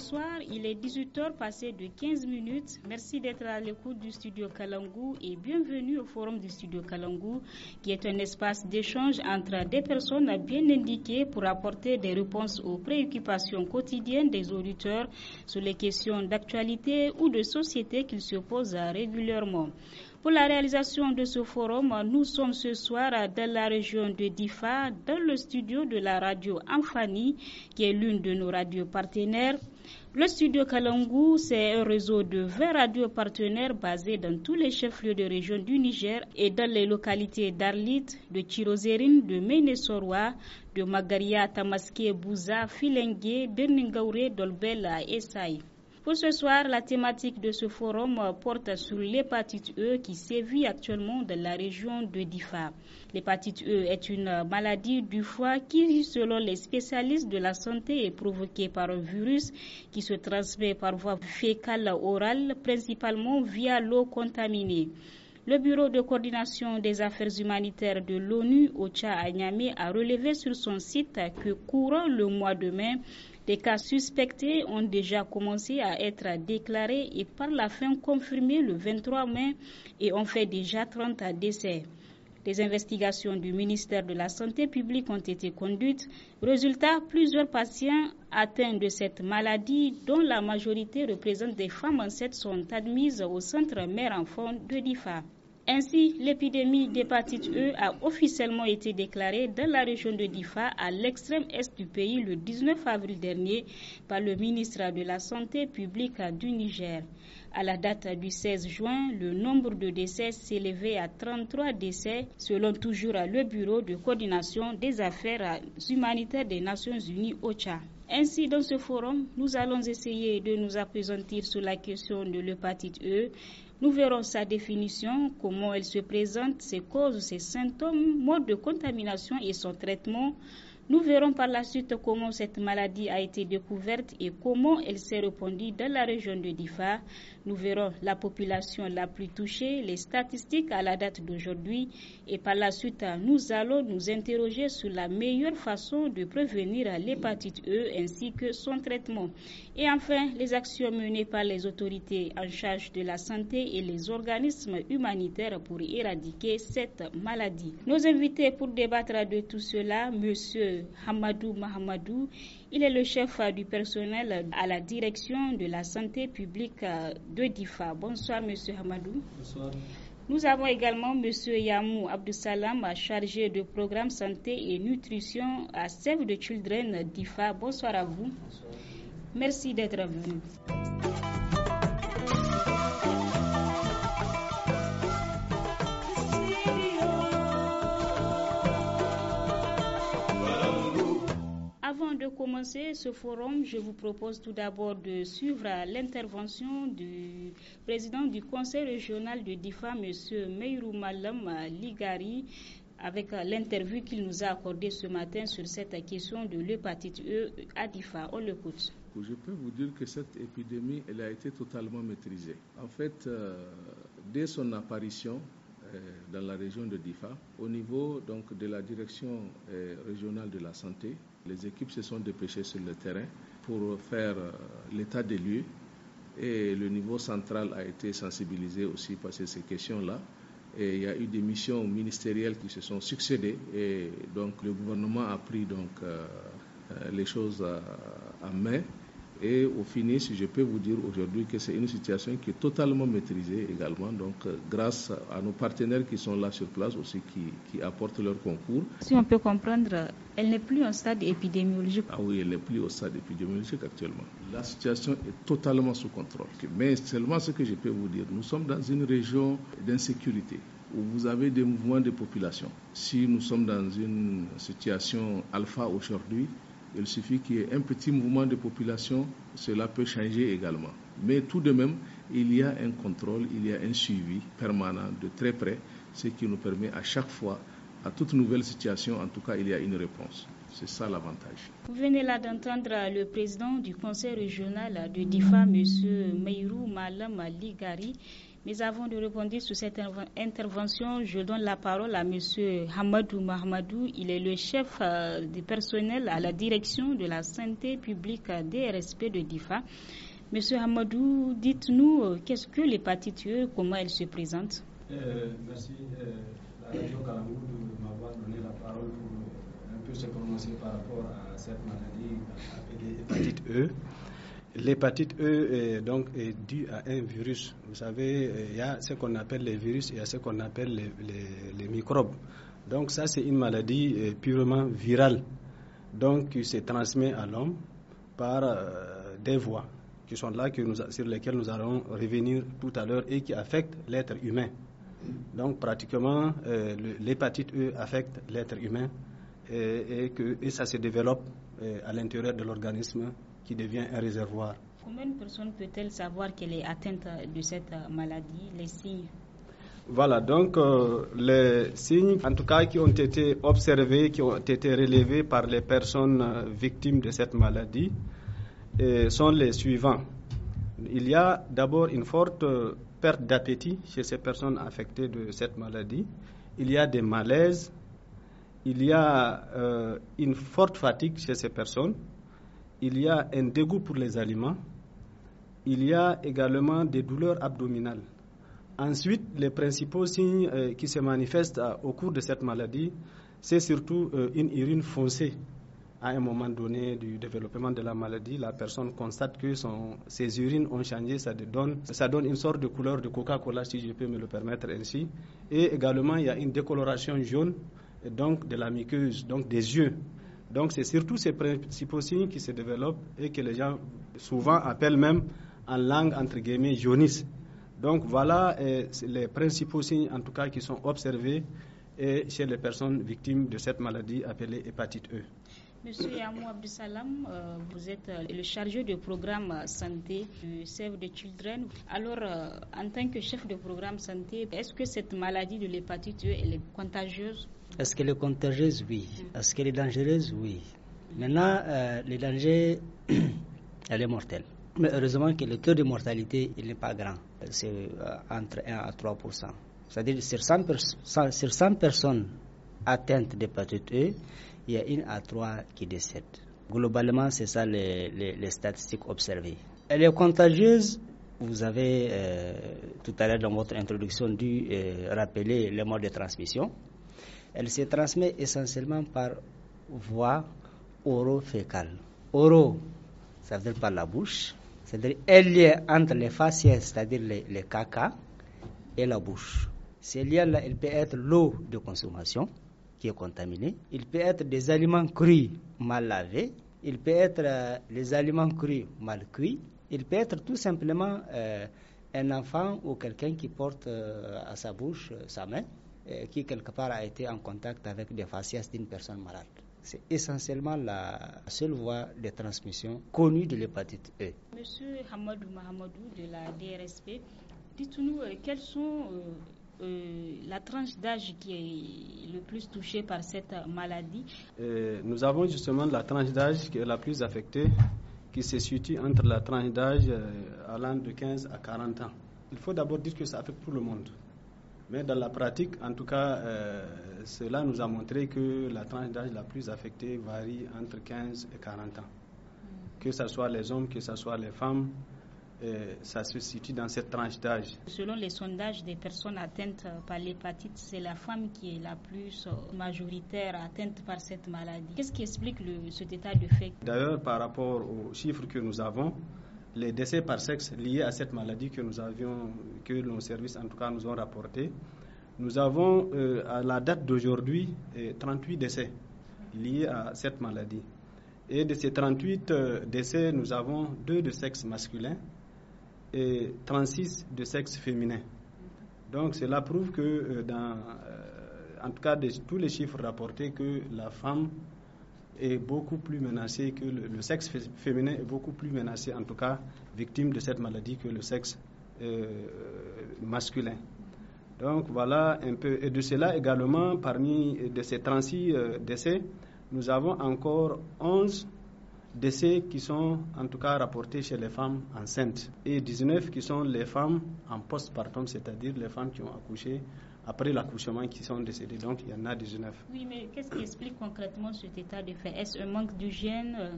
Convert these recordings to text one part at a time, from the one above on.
Bonsoir, il est 18h passé de 15 minutes. Merci d'être à l'écoute du studio Kalangou et bienvenue au forum du studio Kalangou qui est un espace d'échange entre des personnes bien indiquées pour apporter des réponses aux préoccupations quotidiennes des auditeurs sur les questions d'actualité ou de société qu'ils se posent régulièrement. Pour la réalisation de ce forum, nous sommes ce soir dans la région de Difa, dans le studio de la radio Amfani, qui est l'une de nos radios partenaires. Le studio Kalangu, c'est un réseau de 20 radios partenaires basés dans tous les chefs-lieux de région du Niger et dans les localités d'Arlit, de Chirozérine, de Ménésorwa, de Magaria, Tamaske, Bouza, Filengue, Berningaure, Dolbella et Saï. Pour ce soir, la thématique de ce forum porte sur l'hépatite E qui sévit actuellement dans la région de Difa. L'hépatite E est une maladie du foie qui, selon les spécialistes de la santé, est provoquée par un virus qui se transmet par voie fécale orale, principalement via l'eau contaminée. Le Bureau de coordination des affaires humanitaires de l'ONU, OCHA Tchad, a relevé sur son site que courant le mois de mai, des cas suspectés ont déjà commencé à être déclarés et par la fin confirmés le 23 mai et ont fait déjà 30 décès. Des investigations du ministère de la Santé publique ont été conduites. Résultat, plusieurs patients atteints de cette maladie, dont la majorité représente des femmes enceintes, sont admises au centre mère-enfant de DIFA. Ainsi, l'épidémie d'hépatite E a officiellement été déclarée dans la région de Difa, à l'extrême est du pays, le 19 avril dernier, par le ministre de la Santé publique du Niger. À la date du 16 juin, le nombre de décès s'élevait à 33 décès, selon toujours le Bureau de coordination des affaires humanitaires des Nations Unies, OCHA. Ainsi, dans ce forum, nous allons essayer de nous présenter sur la question de l'hépatite E, nous verrons sa définition, comment elle se présente, ses causes, ses symptômes, mode de contamination et son traitement, nous verrons par la suite comment cette maladie a été découverte et comment elle s'est répandue dans la région de Difa. Nous verrons la population la plus touchée, les statistiques à la date d'aujourd'hui et par la suite, nous allons nous interroger sur la meilleure façon de prévenir l'hépatite E ainsi que son traitement. Et enfin, les actions menées par les autorités en charge de la santé et les organismes humanitaires pour éradiquer cette maladie. Nos invités pour débattre de tout cela, monsieur Hamadou Mahamadou. Il est le chef euh, du personnel euh, à la direction de la santé publique euh, de DIFA. Bonsoir, monsieur Hamadou. Nous avons également Monsieur Yamou Abdoussalam chargé de programme santé et nutrition à Save de Children d'IFA. Bonsoir à vous. Merci d'être venu. Avant de commencer ce forum, je vous propose tout d'abord de suivre l'intervention du président du Conseil régional de DIFA, M. Meirou Malam Ligari, avec l'interview qu'il nous a accordée ce matin sur cette question de l'hépatite E à DIFA. On l'écoute. Je peux vous dire que cette épidémie, elle a été totalement maîtrisée. En fait, euh, dès son apparition, euh, dans la région de Difa. Au niveau donc, de la direction euh, régionale de la santé, les équipes se sont dépêchées sur le terrain pour faire euh, l'état des lieux et le niveau central a été sensibilisé aussi par ces questions-là. Et il y a eu des missions ministérielles qui se sont succédées et donc le gouvernement a pris donc euh, euh, les choses à, à main et au si je peux vous dire aujourd'hui que c'est une situation qui est totalement maîtrisée également, donc euh, grâce à nos partenaires qui sont là sur place aussi, qui, qui apportent leur concours. Si on peut comprendre, elle n'est plus en stade épidémiologique. Ah oui, elle n'est plus au stade épidémiologique actuellement. La situation est totalement sous contrôle. Mais seulement ce que je peux vous dire, nous sommes dans une région d'insécurité où vous avez des mouvements de population. Si nous sommes dans une situation alpha aujourd'hui, il suffit qu'il y ait un petit mouvement de population, cela peut changer également. Mais tout de même, il y a un contrôle, il y a un suivi permanent de très près, ce qui nous permet à chaque fois, à toute nouvelle situation, en tout cas, il y a une réponse. C'est ça l'avantage. Vous venez là d'entendre le président du conseil régional de DIFA, M. Meirou Malam Ligari. Mais avant de répondre sur cette intervention, je donne la parole à M. Hamadou Mahamadou. Il est le chef euh, du personnel à la direction de la santé publique des RSP de DIFA. Monsieur Hamadou, dites-nous euh, qu'est-ce que l'hépatite E, comment elle se présente euh, Merci euh, la région Calamou de m'avoir donné la parole pour un peu se prononcer par rapport à cette maladie appelée hépatite E. L'hépatite E est donc est due à un virus. Vous savez, il y a ce qu'on appelle les virus et il y a ce qu'on appelle les, microbes. Donc ça, c'est une maladie euh, purement virale, donc qui se transmet à l'homme par euh, des voies qui sont là, sur lesquelles nous allons revenir tout à l'heure et qui affectent l'être humain. Donc pratiquement, euh, l'hépatite E affecte l'être humain et, que, ça se développe à l'intérieur de l'organisme qui devient un réservoir. Combien de personnes peut-elle savoir qu'elle est atteinte de cette maladie, les signes voilà, donc euh, les signes, en tout cas, qui ont été observés, qui ont été relevés par les personnes euh, victimes de cette maladie, euh, sont les suivants. Il y a d'abord une forte perte d'appétit chez ces personnes affectées de cette maladie. Il y a des malaises. Il y a une forte fatigue chez ces personnes il y a un dégoût pour les aliments, il y a également des douleurs abdominales. Ensuite, les principaux signes euh, qui se manifestent euh, au cours de cette maladie, c'est surtout euh, une urine foncée. À un moment donné du développement de la maladie, la personne constate que ses urines ont changé, ça donne, ça donne une sorte de couleur de Coca-Cola, si je peux me le permettre ainsi. Et également, il y a une décoloration jaune donc de la muqueuse, donc des yeux. Donc c'est surtout ces principaux signes qui se développent et que les gens souvent appellent même en langue entre guillemets jaunisse. Donc voilà euh, les principaux signes en tout cas qui sont observés chez les personnes victimes de cette maladie appelée hépatite E. Monsieur Yamou Abdesalam, euh, vous êtes euh, le chargé du programme santé du Save the Children. Alors, en tant que chef de programme santé, est-ce que cette maladie de l'hépatite E est contagieuse est-ce qu'elle est contagieuse Oui. Mm. Est-ce qu'elle est dangereuse Oui. Maintenant, euh, le danger, elle est mortelle. Mais heureusement que le taux de mortalité, il n'est pas grand. C'est euh, entre 1 à 3 C'est-à-dire sur 100, personnes atteintes d'hépatite E, il y a 1 à 3 qui décèdent. Globalement, c'est ça les, statistiques observées. Elle est contagieuse. Vous avez euh, tout à l'heure dans votre introduction dû rappeler le mode de transmission. Elle se transmet essentiellement par voie oro-fécale. Oro, ça veut dire par la bouche, c'est-à-dire elle lien entre les faciès, c'est-à-dire les, caca, et la bouche. Ces liens-là, il peut être l'eau de consommation qui est contaminée, il peut être des aliments crus mal lavés, il peut être euh, les aliments crus mal cuits, il peut être tout simplement euh, un enfant ou quelqu'un qui porte euh, à sa bouche sa main, euh, qui quelque part a été en contact avec des faciès d'une personne malade. C'est essentiellement la seule voie de transmission connue de l'hépatite E. Monsieur Hamadou Mahamadou de la DRSP, dites-nous euh, quelles sont euh, la tranche d'âge qui est le plus touchée par cette maladie Nous avons justement la tranche d'âge qui est la plus affectée, qui se situe entre la tranche d'âge allant de 15 à 40 ans. Il faut d'abord dire que ça affecte tout le monde. Mais dans la pratique, en tout cas, euh, cela nous a montré que la tranche d'âge la plus affectée varie entre 15 et 40 ans. Mm. Que ce soit les hommes, que ce soit les femmes, euh, ça se situe dans cette tranche d'âge. Selon les sondages des personnes atteintes par l'hépatite, c'est la femme qui est la plus majoritaire atteinte par cette maladie. Qu'est-ce qui explique cet état de fait D'ailleurs, par rapport aux chiffres que nous avons, les décès par sexe liés à cette maladie que nous avions, que nos services en tout cas nous ont rapporté. Nous avons euh, à la date d'aujourd'hui 38 euh, décès liés à cette maladie. Et de ces 38 euh, décès, nous avons deux de sexe masculin et 36 de sexe féminin. Donc cela prouve que dans en tout cas de tous les chiffres rapportés que la femme est beaucoup plus menacé que le, sexe féminin est beaucoup plus menacé, en tout cas victime de cette maladie que le sexe euh, masculin. Donc voilà un peu. Et de cela également, parmi de ces 36 euh, décès, nous avons encore 11 décès qui sont en tout cas rapportés chez les femmes enceintes et 19 qui sont les femmes en postpartum, c'est-à-dire les femmes qui ont accouché après l'accouchement qui sont décédés. Donc il y en a 19. Oui, mais qu'est-ce qui explique concrètement cet état de fait Est-ce un manque d'hygiène euh?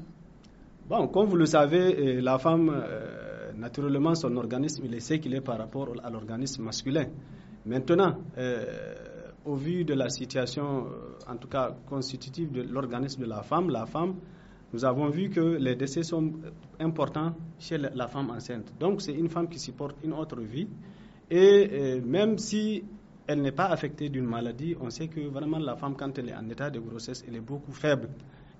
Bon, comme vous le savez, euh, la femme, euh, naturellement, son organisme, il sait qu'il est par rapport à l'organisme masculin. Maintenant, au vu de la situation, en tout cas constitutive de l'organisme de la femme, la femme, nous avons vu que les décès sont importants chez la femme enceinte. Donc, c'est une femme qui supporte une autre vie. Et même si elle n'est pas affectée d'une maladie, on sait que vraiment la femme, quand elle est en état de grossesse, elle est beaucoup faible.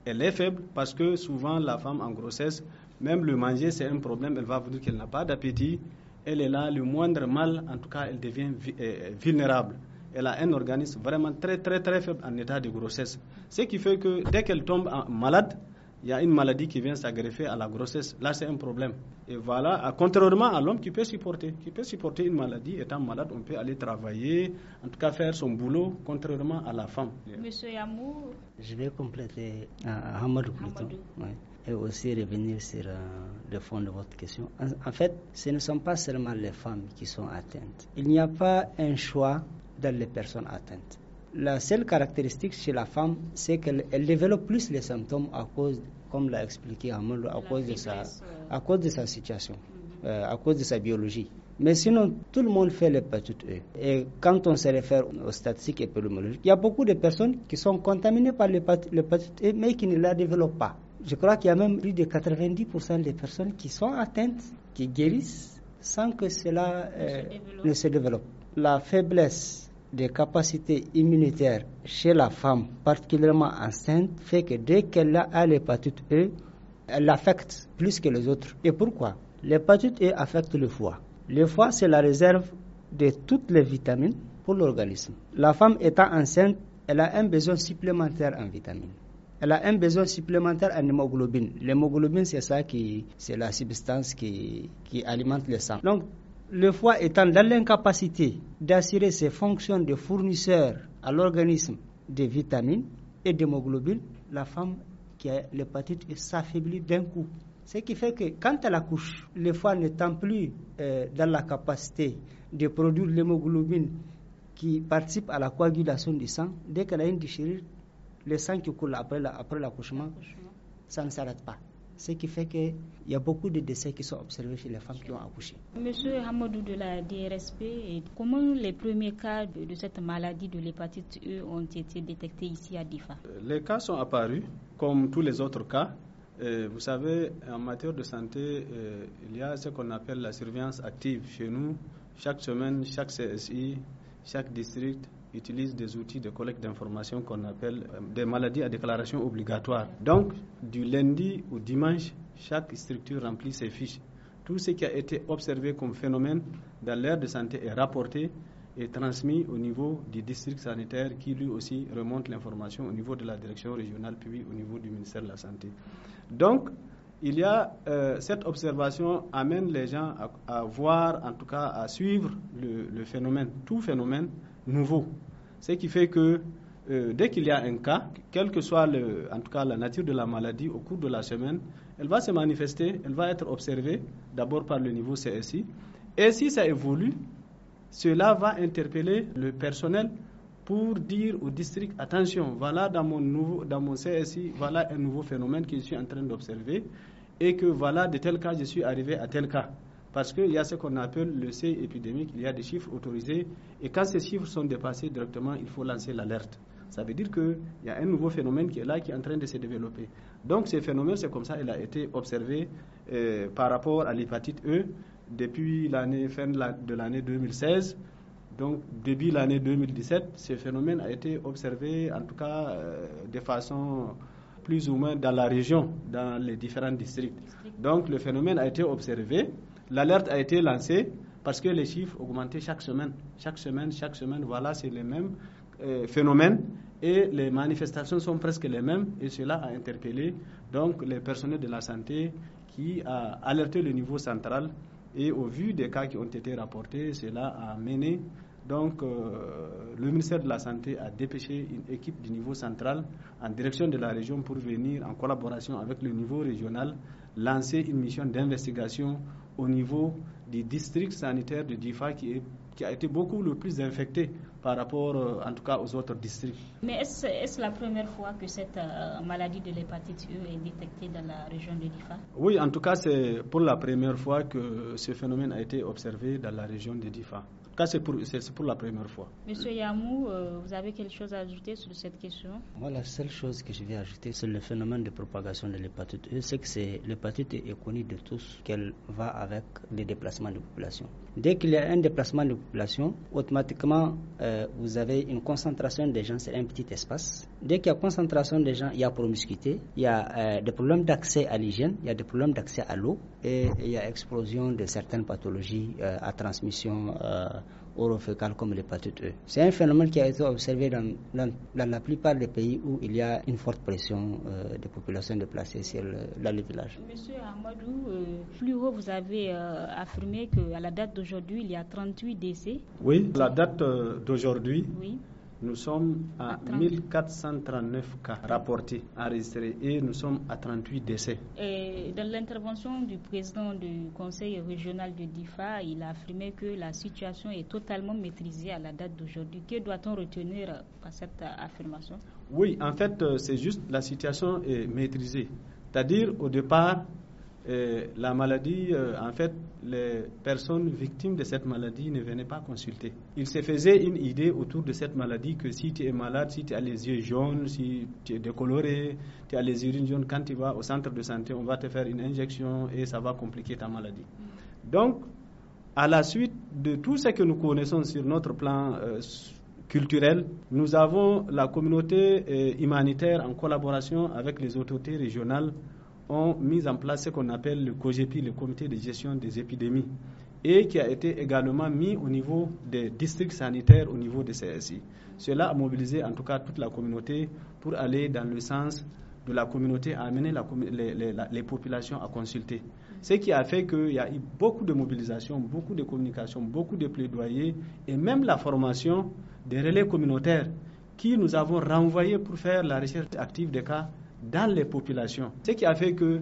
Elle est faible parce que souvent la femme en grossesse, même le manger, c'est un problème. Elle va vous dire qu'elle n'a pas d'appétit. Elle est là, le moindre mal, en tout cas, elle devient euh, vulnérable. Elle a un organisme vraiment très, très, très faible en état de grossesse. Ce qui fait que dès qu'elle tombe malade, il y a une maladie qui vient s'aggreffer à la grossesse. Là, c'est un problème. Et voilà, contrairement à l'homme qui peut supporter, qui peut supporter une maladie, étant malade, on peut aller travailler, en tout cas faire son boulot, contrairement à la femme. Monsieur Yamou Je vais compléter à Hamadou plutôt. Et aussi revenir sur euh, le fond de votre question. En, en fait, ce ne sont pas seulement les femmes qui sont atteintes. Il n'y a pas un choix dans les personnes atteintes. La seule caractéristique chez la femme, c'est qu'elle développe plus les symptômes à cause, comme l'a expliqué à, cause de sa, euh. à cause de sa situation, mm-hmm. euh, à cause de sa biologie. Mais sinon, tout le monde fait l'hépatite E. Et quand on se réfère aux statistiques épidémiologiques, il y a beaucoup de personnes qui sont contaminées par l'hépatite E, mais qui ne la développent pas. Je crois qu'il y a même plus de 90% des personnes qui sont atteintes, qui guérissent, sans que cela euh, ne se développe. La faiblesse des capacités immunitaires chez la femme, particulièrement enceinte, fait que dès qu'elle a l'hépatite E, elle l'affecte plus que les autres. Et pourquoi L'hépatite E affecte le foie. Le foie, c'est la réserve de toutes les vitamines pour l'organisme. La femme étant enceinte, elle a un besoin supplémentaire en vitamines. Elle a un besoin supplémentaire en hémoglobine. L'hémoglobine, c'est ça qui, c'est la substance qui, alimente le sang le foie étant dans l'incapacité d'assurer ses fonctions de fournisseur à l'organisme de vitamines et d'hémoglobine, la femme qui a l'hépatite s'affaiblit d'un coup. Ce qui fait que quand elle accouche, le foie n'étant plus euh, dans la capacité de produire l'hémoglobine qui participe à la coagulation du sang, dès qu'elle a une déchirure, le sang qui coule après l'accouchement, ça ne s'arrête pas ce qui fait qu'il y a beaucoup de décès qui sont observés chez les femmes qui ont accouché. Monsieur Hamadou de la DRSP, comment les premiers cas de cette maladie de l'hépatite E ont été détectés ici à Difa euh, Les cas sont apparus, comme tous les autres cas. Euh, vous savez, en matière de santé, euh, il y a ce qu'on appelle la surveillance active chez nous. Chaque semaine, chaque CSI, chaque district utilisent des outils de collecte d'informations qu'on appelle euh, des maladies à déclaration obligatoire. Donc, du lundi au dimanche, chaque structure remplit ses fiches. Tout ce qui a été observé comme phénomène dans l'aire de santé est rapporté et transmis au niveau du district sanitaire qui lui aussi remonte l'information au niveau de la direction régionale puis au niveau du ministère de la Santé. Donc, il y a euh, cette observation amène les gens à, voir, en tout cas à suivre le, le phénomène, tout phénomène, nouveau. Ce qui fait que euh, dès qu'il y a un cas, quelle que soit le, en tout cas la nature de la maladie au cours de la semaine, elle va se manifester, elle va être observée d'abord par le niveau CSI. Et si ça évolue, cela va interpeller le personnel pour dire au district attention, voilà dans mon, nouveau, dans mon CSI, voilà un nouveau phénomène que je suis en train d'observer et que voilà de tel cas je suis arrivé à tel cas. Parce qu'il y a ce qu'on appelle le C épidémique, il y a des chiffres autorisés. Et quand ces chiffres sont dépassés directement, il faut lancer l'alerte. Ça veut dire qu'il y a un nouveau phénomène qui est là, qui est en train de se développer. Donc ce phénomène, c'est comme ça, il a été observé euh, par rapport à l'hépatite E depuis l'année fin de l'année 2016. Donc, début l'année 2017, ce phénomène a été observé, en tout cas, euh, de façon plus ou moins dans la région, dans les différents districts. Donc, le phénomène a été observé. L'alerte a été lancée parce que les chiffres augmentaient chaque semaine. Chaque semaine, chaque semaine, voilà, c'est le même euh, phénomène. et les manifestations sont presque les mêmes et cela a interpellé donc les personnels de la santé qui a alerté le niveau central et au vu des cas qui ont été rapportés, cela a mené donc euh, le ministère de la Santé a dépêché une équipe du niveau central en direction de la région pour venir en collaboration avec le niveau régional lancer une mission d'investigation au niveau du district sanitaire de Difa qui, a été beaucoup le plus infecté par rapport euh, en tout cas aux autres districts. Mais est-ce la première fois que cette euh, maladie de l'hépatite E est détectée dans la région de Difa Oui, en tout cas, c'est pour la première fois que ce phénomène a été observé dans la région de Difa c'est pour, la première fois. Monsieur Yamou, euh, vous avez quelque chose à ajouter sur cette question Moi, la seule chose que je vais ajouter, c'est le phénomène de propagation de l'hépatite E. C'est que l'hépatite e est connue de tous, qu'elle va avec les déplacements de population. Dès qu'il y a un déplacement de population, automatiquement, euh, vous avez une concentration des gens c'est un petit espace. Dès qu'il y a concentration des gens, il y a promiscuité, il y a euh, des problèmes d'accès à l'hygiène, il y a des problèmes d'accès à l'eau et il y a explosion de certaines pathologies euh, à transmission euh, orofécale comme les E. C'est un phénomène qui a été observé dans, la plupart des pays où il y a une forte pression euh, des populations déplacées sur le, dans les villages. Monsieur Amadou, euh, plus haut, vous avez euh, affirmé affirmé qu'à la date d'aujourd'hui, il y a 38 décès. Oui, la date d'aujourd'hui, oui. Nous sommes à, 1439 cas rapportés, enregistrés et nous sommes à 38 décès. Et dans l'intervention du président du conseil régional de DIFA, il a affirmé que la situation est totalement maîtrisée à la date d'aujourd'hui. Que doit-on retenir par cette affirmation Oui, en fait, euh, c'est juste la situation est maîtrisée. C'est-à-dire, au départ, la maladie, euh, en fait, les personnes victimes de cette maladie ne venaient pas consulter. il se faisait une idée autour de cette maladie que si tu es malade, si tu as les yeux jaunes, si tu es décoloré, tu as les urines jaunes, quand tu vas au centre de santé, on va te faire une injection et ça va compliquer ta maladie. Donc, à la suite de tout ce que nous connaissons sur notre plan euh, culturel, nous avons la communauté euh, humanitaire en collaboration avec les autorités régionales ont mis en place ce qu'on appelle le COGEPI, le comité de gestion des épidémies, et qui a été également mis au niveau des districts sanitaires, au niveau des CSI. Cela a mobilisé en tout cas toute la communauté pour aller dans le sens de la communauté, à amener les, populations à consulter. Ce qui a fait qu'il y a eu beaucoup de mobilisation, beaucoup de communication, beaucoup de plaidoyers et même la formation des relais communautaires qui nous avons renvoyés pour faire la recherche active des cas dans les populations. Ce qui a fait que,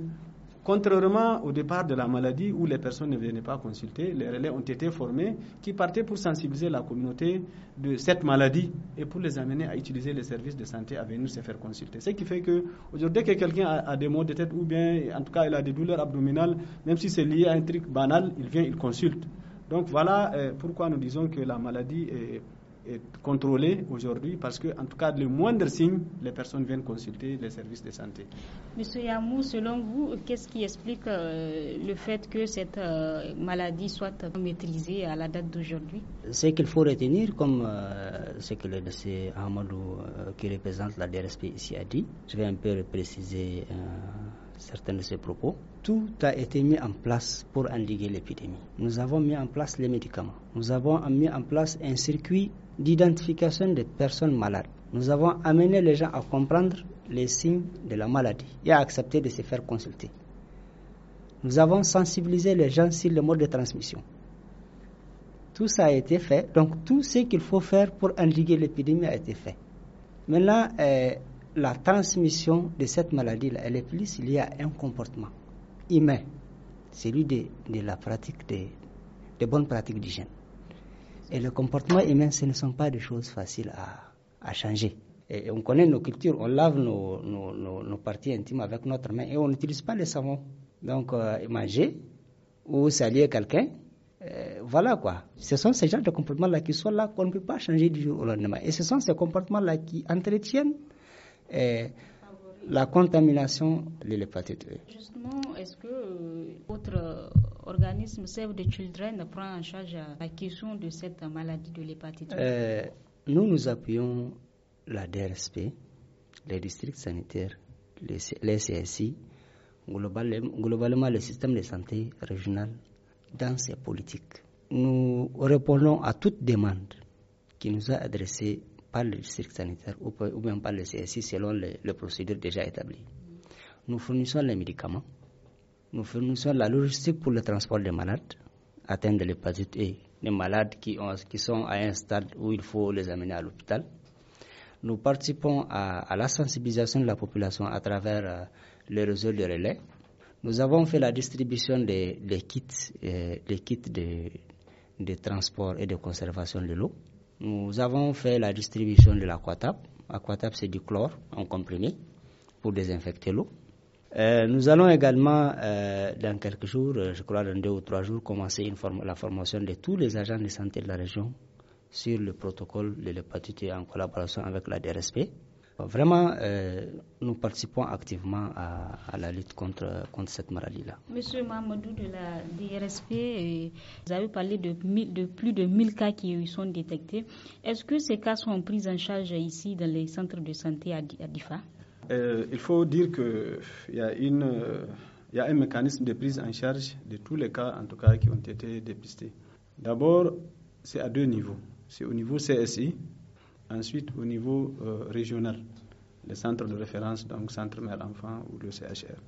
contrairement au départ de la maladie où les personnes ne venaient pas consulter, les relais ont été formés qui partaient pour sensibiliser la communauté de cette maladie et pour les amener à utiliser les services de santé à venir se faire consulter. Ce qui fait que aujourd'hui que quelqu'un a, des maux de tête ou bien en tout cas il a des douleurs abdominales, même si c'est lié à un truc banal, il vient, il consulte. Donc voilà euh, pourquoi nous disons que la maladie est est contrôlé aujourd'hui parce que, en tout cas, le moindre signe, les personnes viennent consulter les services de santé. Monsieur Yamou, selon vous, qu'est-ce qui explique euh, le fait que cette euh, maladie soit maîtrisée à la date d'aujourd'hui Ce qu'il faut retenir, comme euh, ce que le dossier Amadou, qui représente la DRSP ici, a dit, je vais un peu préciser certains de ses propos. Tout a été mis en place pour endiguer l'épidémie. Nous avons mis en place les médicaments. Nous avons mis en place un circuit d'identification des personnes malades. Nous avons amené les gens à comprendre les signes de la maladie et à accepter de se faire consulter. Nous avons sensibilisé les gens sur le mode de transmission. Tout ça a été fait. Donc tout ce qu'il faut faire pour endiguer l'épidémie a été fait. Maintenant, euh, la transmission de cette maladie-là, elle est plus liée à un comportement humain, celui de, la pratique des de bonnes pratiques d'hygiène. Et le comportement humain, ce ne sont pas des choses faciles à, à changer. Et on connaît nos cultures, on lave nos, nos, parties intimes avec notre main et on n'utilise pas le savon. Donc, euh, manger ou saluer quelqu'un, euh, voilà quoi. Ce sont ces genres de comportements-là qui sont là, qu'on ne peut pas changer du jour au lendemain. Et ce sont ces comportements-là qui entretiennent. Euh, la contamination de l'hépatite E. Justement, est-ce que votre euh, euh, organisme Save the Children prend en charge euh, la question de cette maladie de l'hépatite E Nous nous appuyons la DRSP, les districts sanitaires, les, CSI, globalement, globalement le système de santé régional dans ses politiques. Nous répondons à toute demande qui nous a adressée par le district sanitaire ou, même bien par le CSI selon les, procédures déjà établies. Nous fournissons les médicaments, nous fournissons la logistique pour le transport des malades atteints de l'hépatite et les malades qui, sont à un stade où il faut les amener à l'hôpital. Nous participons à, la sensibilisation de la population à travers euh, les réseaux de relais. Nous avons fait la distribution des, kits, euh, kits de, transport et de conservation de l'eau. Nous avons fait la distribution de l'aquatap. Aquatap, c'est du chlore en comprimé pour désinfecter l'eau. Euh, nous allons également, euh, dans quelques jours, euh, je crois dans deux ou trois jours, commencer la formation de tous les agents de santé de la région sur le protocole de l'hépatite en collaboration avec la DRSP. Vraiment, euh, nous participons activement à, la lutte contre, contre cette maladie-là. Monsieur Mamadou de la DRSP, euh, vous avez parlé de, de plus de 1000 cas qui sont détectés. Est-ce que ces cas sont pris en charge ici dans les centres de santé à, DIFA euh, Il faut dire qu'il y a un mécanisme de prise en charge de tous les cas, en tout cas, qui ont été dépistés. D'abord, c'est à deux niveaux. C'est au niveau CSI, ensuite au niveau régional. Les centres de référence, donc centre mère-enfant ou le CHR.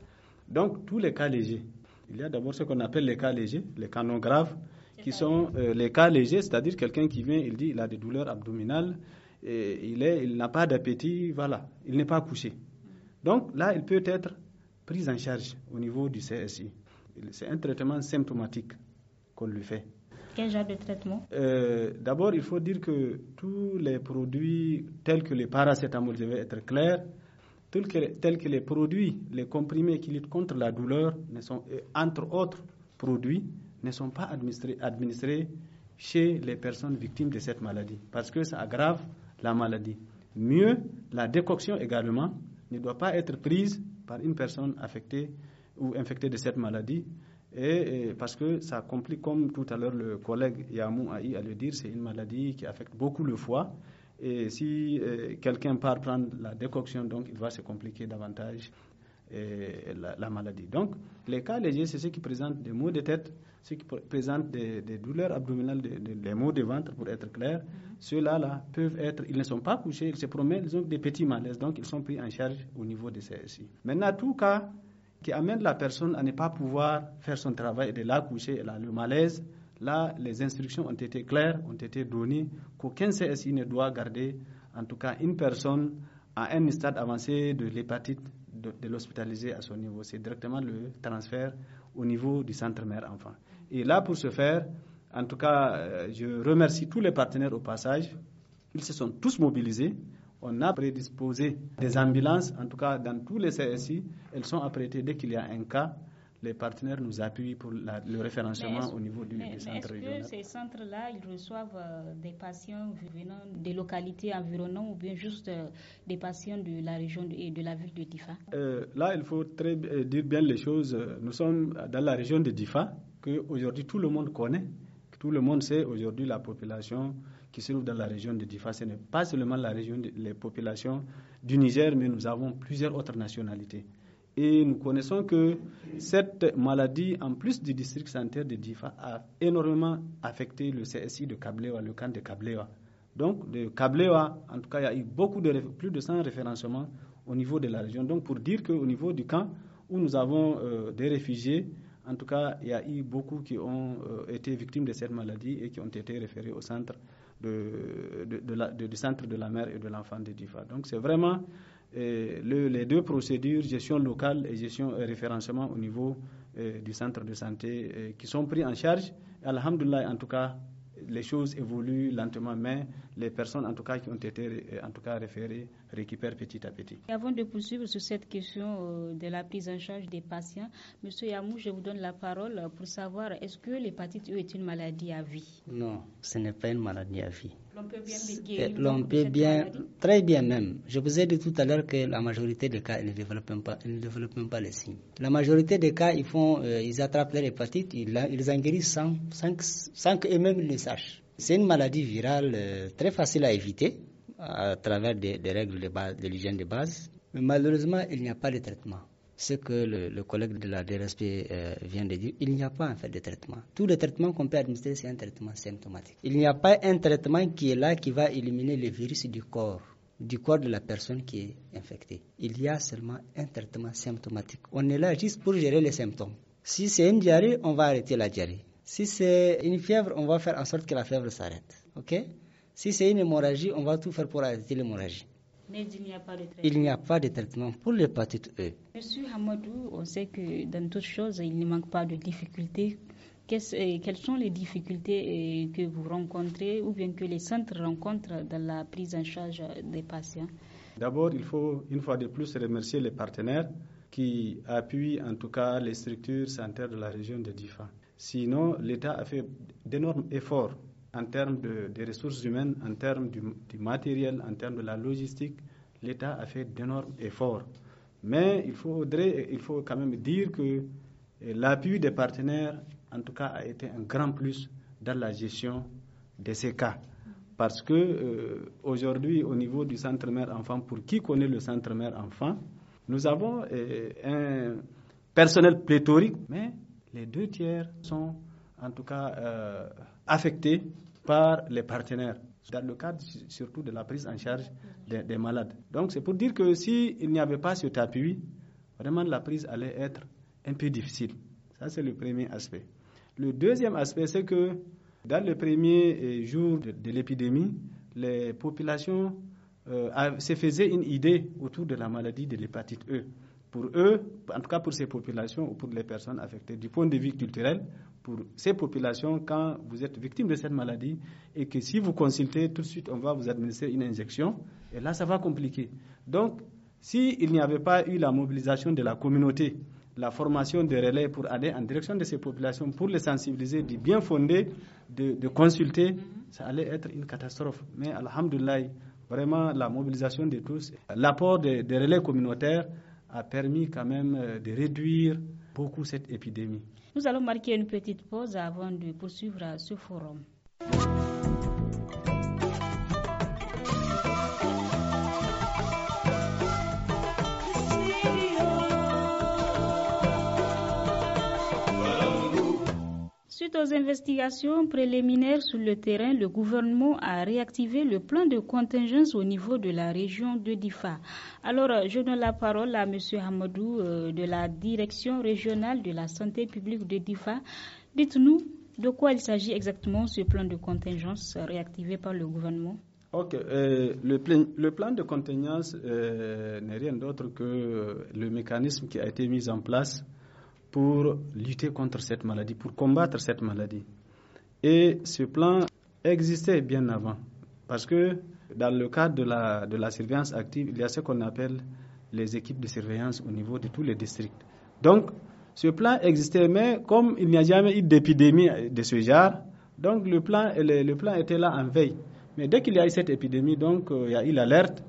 Donc tous les cas légers. Il y a d'abord ce qu'on appelle les cas légers, les cas non graves, qui sont euh, les cas légers, c'est-à-dire quelqu'un qui vient, il dit il a des douleurs abdominales, et il, il n'a pas d'appétit, voilà, il n'est pas couché. Donc là, il peut être pris en charge au niveau du CSI. C'est un traitement symptomatique qu'on lui fait. Quel genre de traitement euh, D'abord, il faut dire que tous les produits tels que les paracétamol, je vais être clair, tels que, les produits, les comprimés qui luttent contre la douleur, ne sont, euh, entre autres produits, ne sont pas administrés, administrés chez les personnes victimes de cette maladie, parce que ça aggrave la maladie. Mieux, la décoction également ne doit pas être prise par une personne affectée ou infectée de cette maladie, et, parce que ça complique, comme tout à l'heure le collègue Yamou Aï a le dire, c'est une maladie qui affecte beaucoup le foie. Et si euh, quelqu'un part prendre la décoction, donc il va se compliquer davantage euh, la, maladie. Donc, les cas légers, c'est ceux qui présentent des maux de tête, ceux qui présentent des, douleurs abdominales, des, maux de ventre, pour être clair. Ceux-là là, peuvent être, ils ne sont pas couchés, ils se promènent, ils ont des petits malaises, donc ils sont pris en charge au niveau de CSI. Maintenant, tout cas qui amène la personne à ne pas pouvoir faire son travail et de la coucher, elle a le malaise. Là, les instructions ont été claires, ont été données qu'aucun CSI ne doit garder, en tout cas, une personne à un stade avancé de l'hépatite, de, de l'hospitaliser à son niveau. C'est directement le transfert au niveau du centre mère-enfant. Et là, pour ce faire, en tout cas, euh, je remercie tous les partenaires au passage. Ils se sont tous mobilisés on a prédisposé des ambulances, en tout cas dans tous les CSI, elles sont apprêtées dès qu'il y a un cas. Les partenaires nous appuient pour le référencement au niveau du, centre centre est Que ces centres-là, ils reçoivent euh, des patients venant des localités environnantes ou bien juste euh, des patients de la région et de la ville de Difa euh, Là, il faut très, dire bien les choses. Nous sommes dans la région de Difa, que aujourd'hui tout le monde connaît, que tout le monde sait aujourd'hui la population qui se trouve dans la région de Difa. Ce n'est pas seulement la région des populations du Niger, mais nous avons plusieurs autres nationalités. Et nous connaissons que cette maladie, en plus du district sanitaire de Difa, a énormément affecté le CSI de Kablewa, le camp de Kablewa. Donc, de Kablewa, en tout cas, il y a eu beaucoup de, plus de 100 référencements au niveau de la région. Donc, pour dire qu'au niveau du camp où nous avons euh, des réfugiés, en tout cas, il y a eu beaucoup qui ont euh, été victimes de cette maladie et qui ont été référés au centre de, du centre de la mère et de l'enfant de DIFA. Donc c'est vraiment euh, les deux procédures, gestion locale et gestion euh, référencement au niveau euh, du centre de santé, qui sont pris en charge. Alhamdulillah, en tout cas, les choses évoluent lentement, mais les personnes, en tout cas, qui ont été euh, en tout cas référées, récupèrent petit à petit. avant de poursuivre sur cette question euh, de la prise en charge des patients, Monsieur Yamou, je vous donne la parole pour savoir est-ce que l'hépatite U est une maladie à vie Non, ce n'est pas une maladie à vie. L'on peut bien, bien très bien même. Je vous ai dit tout à l'heure que la majorité des cas, ils ne développent pas, même pas les signes. La majorité des cas, ils font, euh, ils attrapent leur hépatite, ils, ils en guérissent sans, sans, sans qu'eux-mêmes le sachent. C'est une maladie virale euh, très facile à éviter à travers des, des règles de, base, de l'hygiène de base. Mais malheureusement, il n'y a pas de traitement ce que le, collègue de la DRSP euh, vient de dire, il n'y a pas en fait de traitement. Tout le traitement qu'on peut administrer, c'est un traitement symptomatique. Il n'y a pas un traitement qui est là qui va éliminer le virus du corps du corps de la personne qui est infectée. Il y a seulement un traitement symptomatique. On est là juste pour gérer les symptômes. Si c'est une diarrhée, on va arrêter la diarrhée. Si c'est une fièvre, on va faire en sorte que la fièvre s'arrête. OK Si c'est une hémorragie, on va tout faire pour arrêter l'hémorragie il n'y a pas de traitement. pour l'hépatite E. Monsieur Hamadou, on sait que dans toutes choses, il ne manque pas de difficultés. Euh, quelles sont les difficultés euh, que vous rencontrez ou bien que les centres rencontrent dans la prise en charge des patients D'abord, il faut une fois de plus remercier les partenaires qui appuient en tout cas les structures sanitaires de la région de Difa. Sinon, l'État a fait d'énormes efforts en termes de, des ressources humaines, en termes du, matériel, en termes de la logistique, l'État a fait d'énormes efforts. Mais il faudrait, il faut quand même dire que eh, l'appui des partenaires, en tout cas, a été un grand plus dans la gestion de ces cas. Parce que euh, aujourd'hui, au niveau du centre mère-enfant, pour qui connaît le centre mère-enfant, nous avons eh, un personnel pléthorique, mais les deux tiers sont en tout cas euh, affectés par les partenaires dans le cadre surtout de la prise en charge des, malades. Donc c'est pour dire que s'il n'y avait pas cet appui, vraiment la prise allait être un peu difficile. Ça, c'est le premier aspect. Le deuxième aspect, c'est que dans les premiers eh, jours de, l'épidémie, les populations euh, se faisaient une idée autour de la maladie de l'hépatite E. Pour eux, en tout cas pour ces populations ou pour les personnes affectées, du point de vue culturel, pour ces populations quand vous êtes victime de cette maladie et que si vous consultez, tout de suite, on va vous administrer une injection. Et là, ça va compliquer. Donc, s'il il n'y avait pas eu la mobilisation de la communauté, la formation de relais pour aller en direction de ces populations, pour les sensibiliser du bien fondé, de, de consulter, mhm. ça allait être une catastrophe. Mais alhamdulillah, vraiment la mobilisation de tous, l'apport des relais communautaires a permis quand même euh, de réduire beaucoup cette épidémie. Nous allons marquer une petite pause avant de poursuivre ce forum. Suite aux investigations préliminaires sur le terrain, le gouvernement a réactivé le plan de contingence au niveau de la région de Difa. Alors, je donne la parole à M. Hamadou euh, de la Direction régionale de la santé publique de Difa. Dites-nous de quoi il s'agit exactement ce plan de contingence réactivé par le gouvernement. Ok, euh, le, plan, de contingence euh, n'est rien d'autre que le mécanisme qui a été mis en place pour lutter contre cette maladie, pour combattre cette maladie. Et ce plan existait bien avant, parce que dans le cadre de la, de la surveillance active, il y a ce qu'on appelle les équipes de surveillance au niveau de tous les districts. Donc, ce plan existait, mais comme il n'y a jamais eu d'épidémie de ce genre, donc le plan, le, plan était là en veille. Mais dès qu'il y a eu cette épidémie, donc euh, il y a eu l'alerte,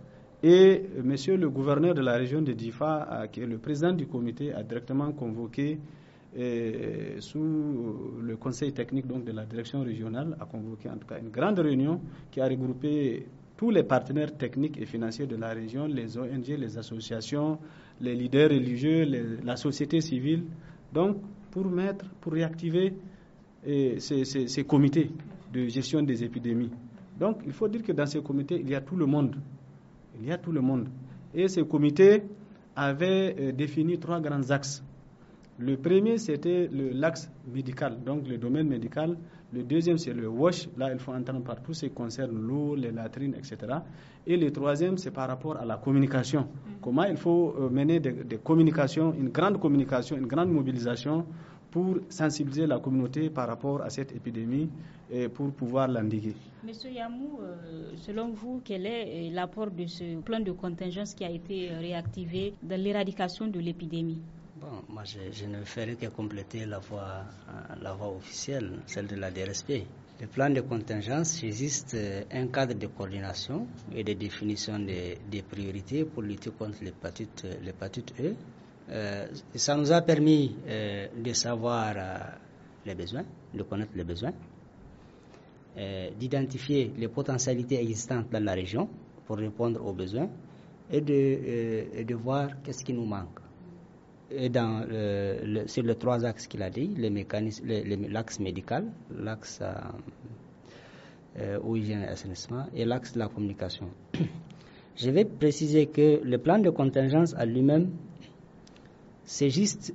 et euh, monsieur le gouverneur de la région de Difa, euh, qui est le président du comité, a directement convoqué, euh, sous le conseil technique donc, de la direction régionale, a convoqué en tout cas une grande réunion qui a regroupé tous les partenaires techniques et financiers de la région, les ONG, les associations, les leaders religieux, la société civile, donc pour mettre, pour réactiver ces, ces comités de gestion des épidémies. Donc il faut dire que dans ces comités, il y a tout le monde. Il y a tout le monde. Et ce comité avait euh, défini trois grands axes. Le premier, c'était l'axe médical, donc le domaine médical. Le deuxième, c'est le wash. Là, il faut entendre partout ce qui concerne l'eau, les latrines, etc. Et le troisième, c'est par rapport à la communication. Mm. Comment il faut euh, mener des communications, une grande communication, une grande mobilisation pour sensibiliser la communauté par rapport à cette épidémie et pour pouvoir l'endiguer. Monsieur Yamou, euh, selon vous, quel est euh, l'apport de ce plan de contingence qui a été euh, réactivé dans l'éradication de l'épidémie Bon, moi je, ne ferai que compléter la voie, la voie officielle, celle de la DRSP. Le plan de contingence existe un cadre de coordination et de définition des, des priorités pour lutter contre l'hépatite E euh, ça nous a permis euh, de savoir euh, les besoins, de connaître les besoins, d'identifier les potentialités existantes dans la région pour répondre aux besoins et de, de voir qu'est-ce qui nous manque. Et dans, le, sur les trois axes qu'il a dit, l'axe médical, l'axe au hygiène et assainissement et l'axe de la communication. Je vais préciser que le plan de contingence à lui-même c'est juste,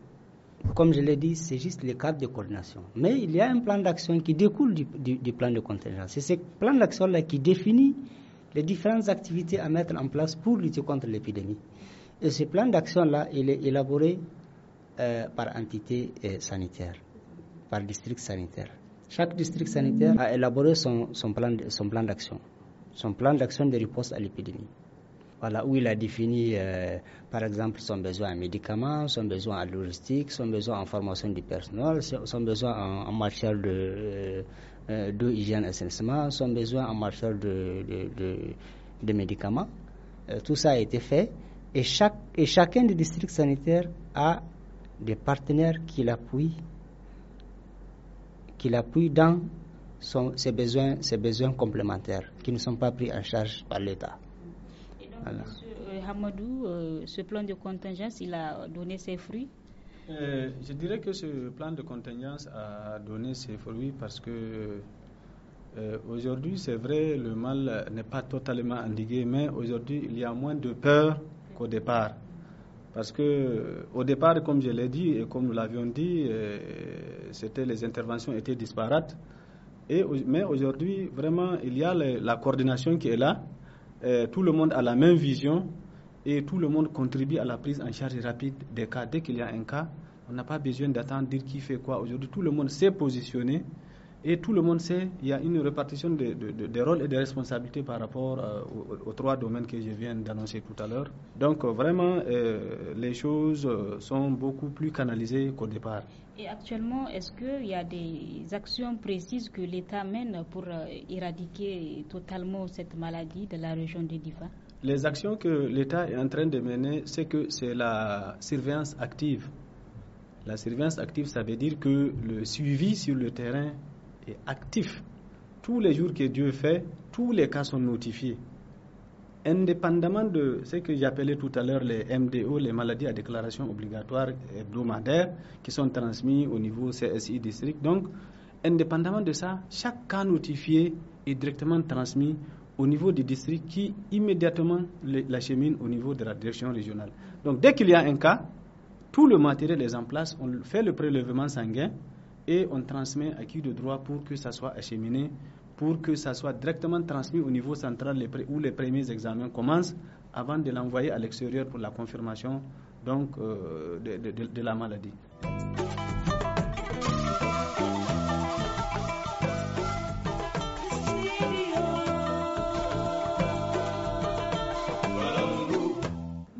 comme je l'ai dit, c'est juste le cadre de coordination. Mais il y a un plan d'action qui découle du, plan de contingence. C'est ce plan d'action-là qui définit les différentes activités à mettre en place pour lutter contre l'épidémie. Et ce plan d'action-là, il est élaboré euh, par entité euh, sanitaire, par district sanitaire. Chaque district sanitaire a élaboré son, plan, d'action, son plan d'action de réponse à l'épidémie voilà, où il a défini, euh, par exemple, son besoin en médicaments, son besoin en logistique, son besoin en formation du personnel, son besoin en, en matière de, euh, euh, de hygiène et son besoin en matière de, médicaments. tout ça a été fait et, chaque, chacun des districts sanitaires a des partenaires qui l'appuient qui dans son, ses, besoins, ses besoins complémentaires qui ne sont pas pris en charge par l'État. Euh, Hamadou, euh, ce plan de contingence, il a donné ses fruits euh, Je dirais que ce plan de contingence a donné ses fruits parce que aujourd'hui, c'est vrai, le mal n'est pas totalement endigué, mais aujourd'hui, il y a moins de peur qu'au départ. Parce que au départ, comme je l'ai dit et comme nous l'avions dit, c'était les interventions étaient disparates. mais aujourd'hui, vraiment, il y a la coordination qui est là. Euh, tout le monde a la même vision et tout le monde contribue à la prise en charge rapide des cas. Dès qu'il y a un cas, on n'a pas besoin d'attendre dire qui fait quoi. Aujourd'hui, tout le monde s'est positionné et tout le monde sait qu'il y a une répartition des rôles et des responsabilités par rapport euh, aux, trois domaines que je viens d'annoncer tout à l'heure. Donc, vraiment, euh, les choses sont beaucoup plus canalisées qu'au départ. Et actuellement, est-ce qu'il y a des actions précises que l'État mène pour euh, éradiquer totalement cette maladie de la région de Difa Les actions que l'État est en train de mener, c'est que c'est la surveillance active. La surveillance active, ça veut dire que le suivi sur le terrain est actif. Tous les jours que Dieu fait, tous les cas sont notifiés indépendamment de ce que j'appelais tout à l'heure les MDO, les maladies à déclaration obligatoire hebdomadaire, qui sont transmises au niveau CSI district. Donc, indépendamment de ça, chaque cas notifié est directement transmis au niveau du district qui immédiatement l'achemine au niveau de la direction régionale. Donc, dès qu'il y a un cas, tout le matériel est en place, on fait le prélèvement sanguin et on transmet à qui de droit pour que ça soit acheminé pour que ça soit directement transmis au niveau central où les premiers examens commencent avant de l'envoyer à l'extérieur pour la confirmation donc, euh, de, la maladie.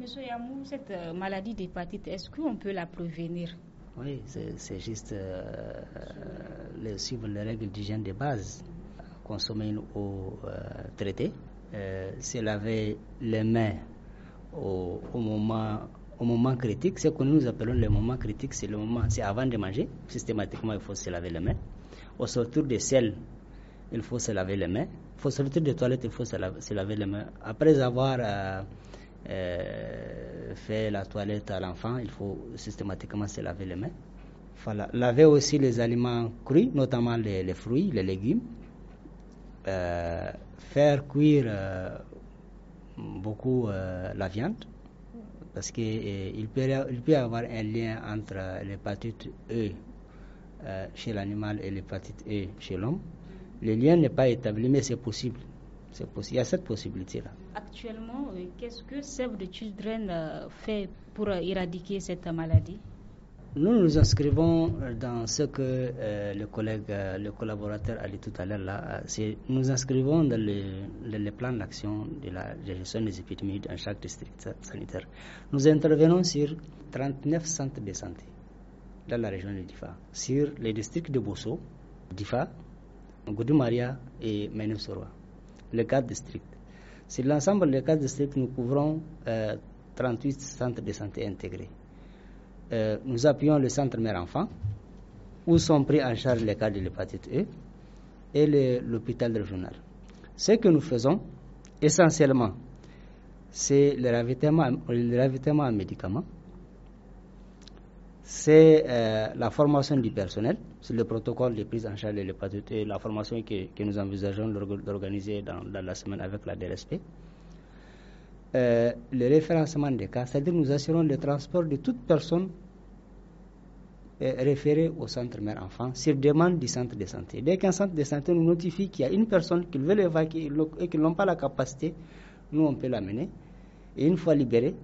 Monsieur Yamou, cette euh, maladie d'hépatite, est-ce qu'on peut la prévenir Oui, c'est juste euh, suivre les règles d'hygiène de base consommer au euh, traitée. Euh, se laver les mains au, moment au moment critique, ce que nous appelons le moment critique, c'est le moment, c'est avant de manger, systématiquement il faut se laver les mains. Au sortir des selles, il faut se laver les mains. au faut sortir des toilettes, il faut se laver, les mains. Après avoir euh, euh, fait la toilette à l'enfant, il faut systématiquement se laver les mains. Laver aussi les aliments crus, notamment les fruits, les légumes. Euh, faire cuire euh, beaucoup euh, la viande parce qu'il peut, il peut y avoir un lien entre l'hépatite E chez l'animal et l'hépatite E chez l'homme. Le lien n'est pas établi, mais c'est possible. C'est possible. Il y a cette possibilité-là. Actuellement, qu'est-ce que Save de Children fait pour éradiquer cette maladie nous nous inscrivons euh, dans ce que euh, le collègue, euh, le collaborateur a dit tout à l'heure Nous inscrivons dans le, plan d'action de la gestion des épidémies dans chaque district sanitaire. Nous intervenons sur 39 centres de santé dans la région de Difa, sur les districts de Bosso, Difa, Goudoumaria et Menosoroa, les quatre districts. Sur l'ensemble des quatre districts, nous couvrons 38 centres de santé intégrés. Euh, nous appuyons le centre mère-enfant, où sont pris en charge les cas de l'hépatite E, et l'hôpital régional. Ce que nous faisons, essentiellement, c'est le ravitaillement, le en médicaments, c'est euh, la formation du personnel, c'est le protocole de prise en charge de l'hépatite, E, la formation que, nous envisageons d'organiser dans, dans, la semaine avec la DRSP. Euh, le référencement des cas, c'est-à-dire nous assurons le transport de toute personne euh, référée au centre mère-enfant sur demande du centre de santé. Dès qu'un centre de santé nous notifie qu'il y a une personne qui veut l'évacuer et qu'ils n'ont pas la capacité, nous on peut l'amener. Et une fois libérée,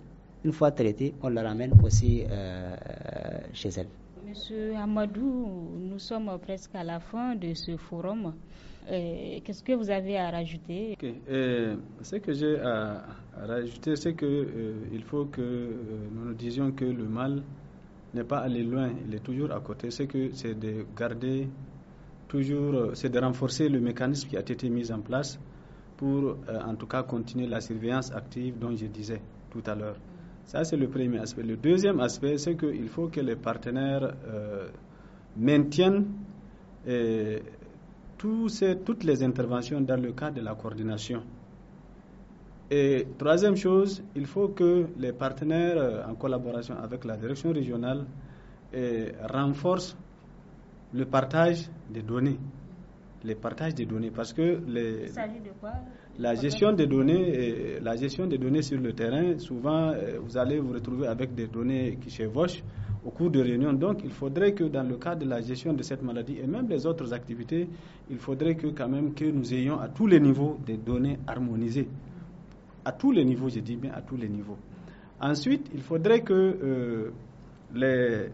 une fois traitée, on la ramène aussi euh, chez elle. Monsieur Amadou, nous sommes presque à la fin de ce forum. Qu'est-ce que vous avez à rajouter euh, Ce que j'ai à, rajouter, c'est qu'il euh, il faut que euh, nous nous disions que le mal n'est pas allé loin, il est toujours à côté. C'est que c'est de garder toujours, c'est de renforcer le mécanisme qui a été mis en place pour en tout cas continuer la surveillance active dont je disais tout à l'heure. Ça, c'est le premier aspect. Le deuxième aspect, c'est qu'il faut que les partenaires maintiennent et tous ces, toutes les interventions dans le cadre de la coordination. Et troisième chose, il faut que les partenaires, euh, en collaboration avec la direction régionale, euh, renforcent le partage des données. Le partage des données, parce que la gestion des données, euh, la gestion des données sur le terrain, souvent vous allez vous retrouver avec des données qui chevauchent au cours de réunions. Donc, il faudrait que dans le cadre de la gestion de cette maladie et même des autres activités, il faudrait que quand même que nous ayons à tous les niveaux des données harmonisées. À tous les niveaux, je dis bien à tous les niveaux. Ensuite, il faudrait que euh,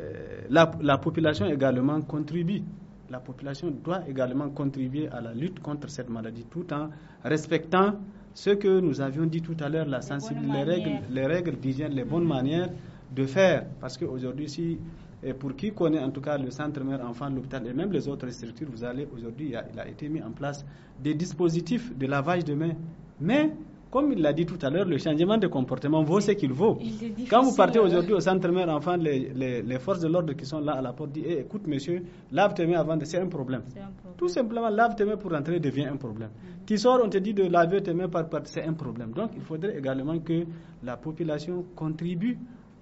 la, population également contribue la population doit également contribuer à la lutte contre cette maladie tout en respectant ce que nous avions dit tout à l'heure, la les, règles, les règles d'hygiène, les bonnes mm-hmm. manières, de faire. Parce qu'aujourd'hui, si, et pour qui connaît en tout cas le centre mère-enfant, l'hôpital et même les autres structures, vous allez aujourd'hui, il, a été mis en place des dispositifs de lavage de mains. Mais, comme il l'a dit tout à l'heure, le changement de comportement vaut ce qu'il vaut. Quand vous partez aujourd'hui au centre mère-enfant, les, les, forces de l'ordre qui sont là à la porte disent eh, écoute, monsieur, lave tes mains avant de. C'est un, problème. Tout simplement, lave tes mains pour entrer devient un problème. qui mm-hmm. sort on te dit de laver tes mains par part, c'est un problème. Donc, il faudrait également que la population contribue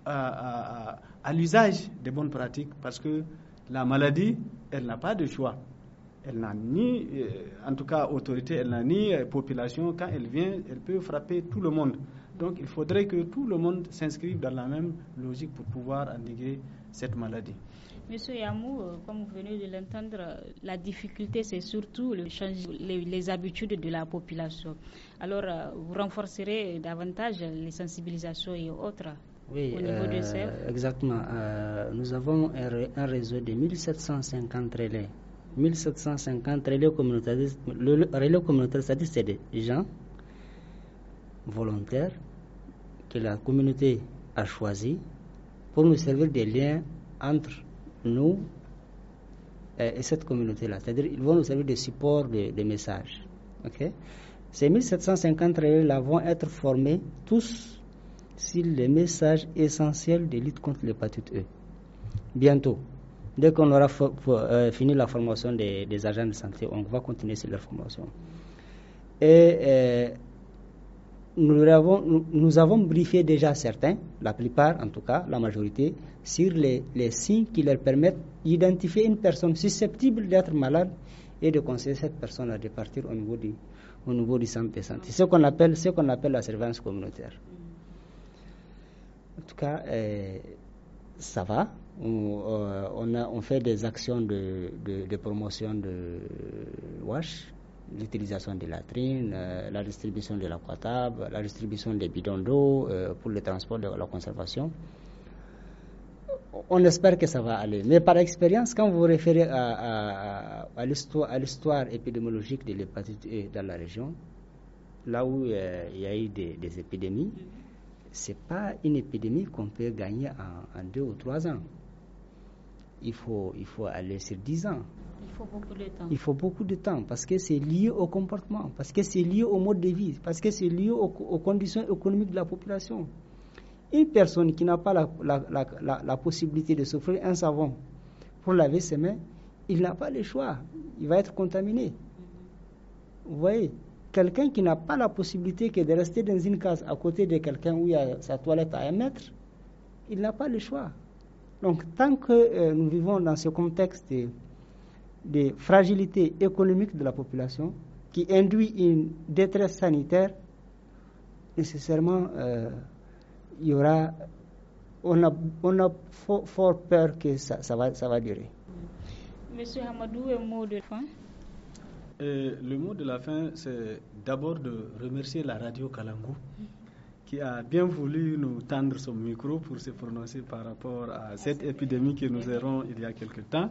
à, l'usage des bonnes pratiques parce que la maladie, elle n'a pas de choix. Elle n'a ni, euh, en tout cas, autorité, elle n'a ni euh, population. Quand elle vient, elle peut frapper tout le monde. Donc il faudrait que tout le monde s'inscrive dans la même logique pour pouvoir endiguer cette maladie. Monsieur Yamou, euh, comme vous venez de l'entendre, la difficulté, c'est surtout le les, habitudes de la population. Alors, vous renforcerez davantage les sensibilisations et autres oui, euh, e Exactement. Euh, nous avons un, réseau de 1750 relais. 1750 relais communautaires, le, relais communautaire, c'est-à-dire c'est des gens volontaires que la communauté a choisi pour nous servir des liens entre nous et cette communauté-là. C'est-à-dire ils vont nous servir de support de, messages. Ok Ces 1750 relais-là vont être formés tous sur les messages essentiels de lutte contre l'hépatite E. Bientôt, dès qu'on aura euh, fini la formation des, agents de santé, on va continuer sur leur formation. Et euh, nous, avons, nous, avons briefé déjà certains, la plupart en tout cas, la majorité, sur les, signes qui leur permettent d'identifier une personne susceptible d'être malade et de conseiller cette personne à départir au niveau du, au niveau centre de santé. Ce qu'on appelle, ce qu'on appelle la surveillance communautaire. En tout cas, eh, ça va. Euh, on, fait des actions de, promotion de WASH, l'utilisation des latrines, euh, la distribution de l'aquatable, la distribution des bidons d'eau euh, pour le transport de la conservation. On espère que ça va aller. Mais par expérience, quand vous vous référez à, l'histoire épidémiologique de l'hépatite e dans la région, là où il y a eu des épidémies, n'est pas une épidémie qu'on peut gagner en, deux ou trois ans. Il faut, il faut aller sur dix ans. Il faut beaucoup de temps. Il faut beaucoup de temps parce que c'est lié au comportement, parce que c'est lié au mode de vie, parce que c'est lié aux, conditions économiques de la population. Une personne qui n'a pas la, la, possibilité de s'offrir un savon pour laver ses mains, il n'a pas le choix. Il va être contaminé. Vous voyez quelqu'un qui n'a pas la possibilité que de rester dans une case à côté de quelqu'un où il y a sa toilette à un mètre, il n'a pas le choix. Donc tant que euh, nous vivons dans ce contexte de, fragilité économique de la population, qui induit une détresse sanitaire, nécessairement, euh, il y aura, on a, fort, peur que ça, va, ça va durer. Monsieur Hamadou, un mot de fin le mot de la fin, c'est d'abord de remercier la radio Kalangu qui a bien voulu nous tendre son micro pour se prononcer par rapport à cette épidémie que nous aurons il y a quelque temps.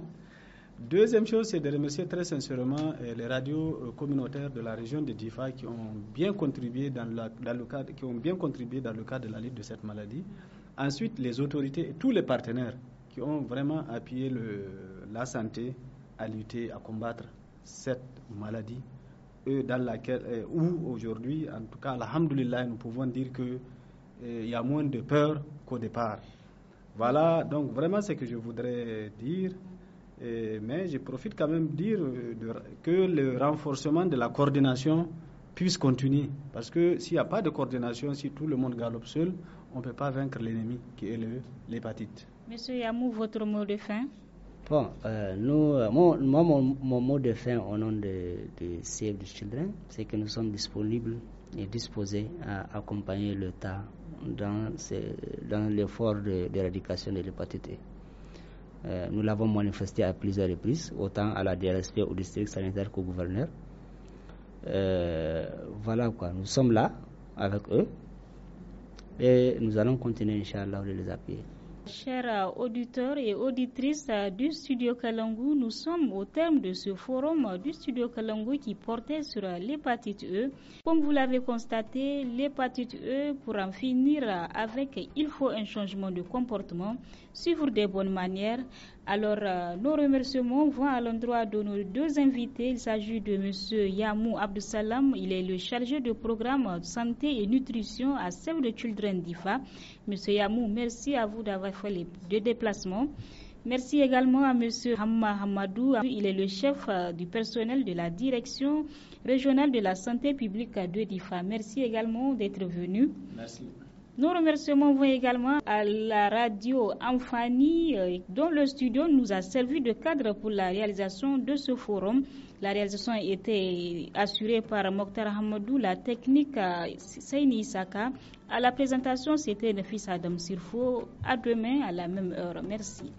Deuxième chose, c'est de remercier très sincèrement euh, les radios euh, communautaires de la région de Difa qui ont bien contribué dans, le cadre, qui ont bien contribué dans le de la lutte de cette maladie. Ensuite, les autorités et tous les partenaires qui ont vraiment appuyé la santé à lutter, à combattre cette maladie dans laquelle, où aujourd'hui, en tout cas, alhamdoulilah, nous pouvons dire qu'il eh, y a moins de peur qu'au départ. Voilà, donc vraiment ce que je voudrais dire. Eh, mais je profite quand même euh, de dire que le renforcement de la coordination puisse continuer. Parce que s'il n'y a pas de coordination, si tout le monde galope seul, on ne peut pas vaincre l'ennemi qui est l'hépatite. Monsieur Yamou, votre mot de fin Bon, euh, nous, euh, moi, mon, mot de fin au nom de, de Save the Children, c'est que nous sommes disponibles et disposés à accompagner l'État dans, l'effort d'éradication de, de l'hépatite e. euh, nous l'avons manifesté à plusieurs reprises, autant à la DRSP, au district sanitaire qu'au gouverneur. voilà quoi, nous sommes là avec eux et nous allons continuer, Inch'Allah, de les appuyer. Chers auditeurs et auditrices du Studio Kalangu, nous sommes au thème de ce forum du Studio Kalangu qui portait sur l'hépatite E. Comme vous l'avez constaté, l'hépatite E, pour en finir avec, il faut un changement de comportement, suivre des bonnes manières, alors, euh, nos remerciements vont à l'endroit de nos deux invités. Il s'agit de M. Yamou Abdusalam. Il est le chargé de programme santé et nutrition à Save de Children d'IFA. M. Yamou, merci à vous d'avoir fait les deux déplacements. Merci également à M. Hamma Hamadou. Il est le chef euh, du personnel de la direction régionale de la santé publique à d'IFA. Merci également d'être venu. Merci. Nos remerciements vont également à la radio Amfani, euh, dont le studio nous a servi de cadre pour la réalisation de ce forum. La réalisation a été assurée par Mokhtar Hamadou, la technique euh, Seini Isaka. À la présentation, c'était le fils Adam Sirfo. À demain, à la même heure. Merci.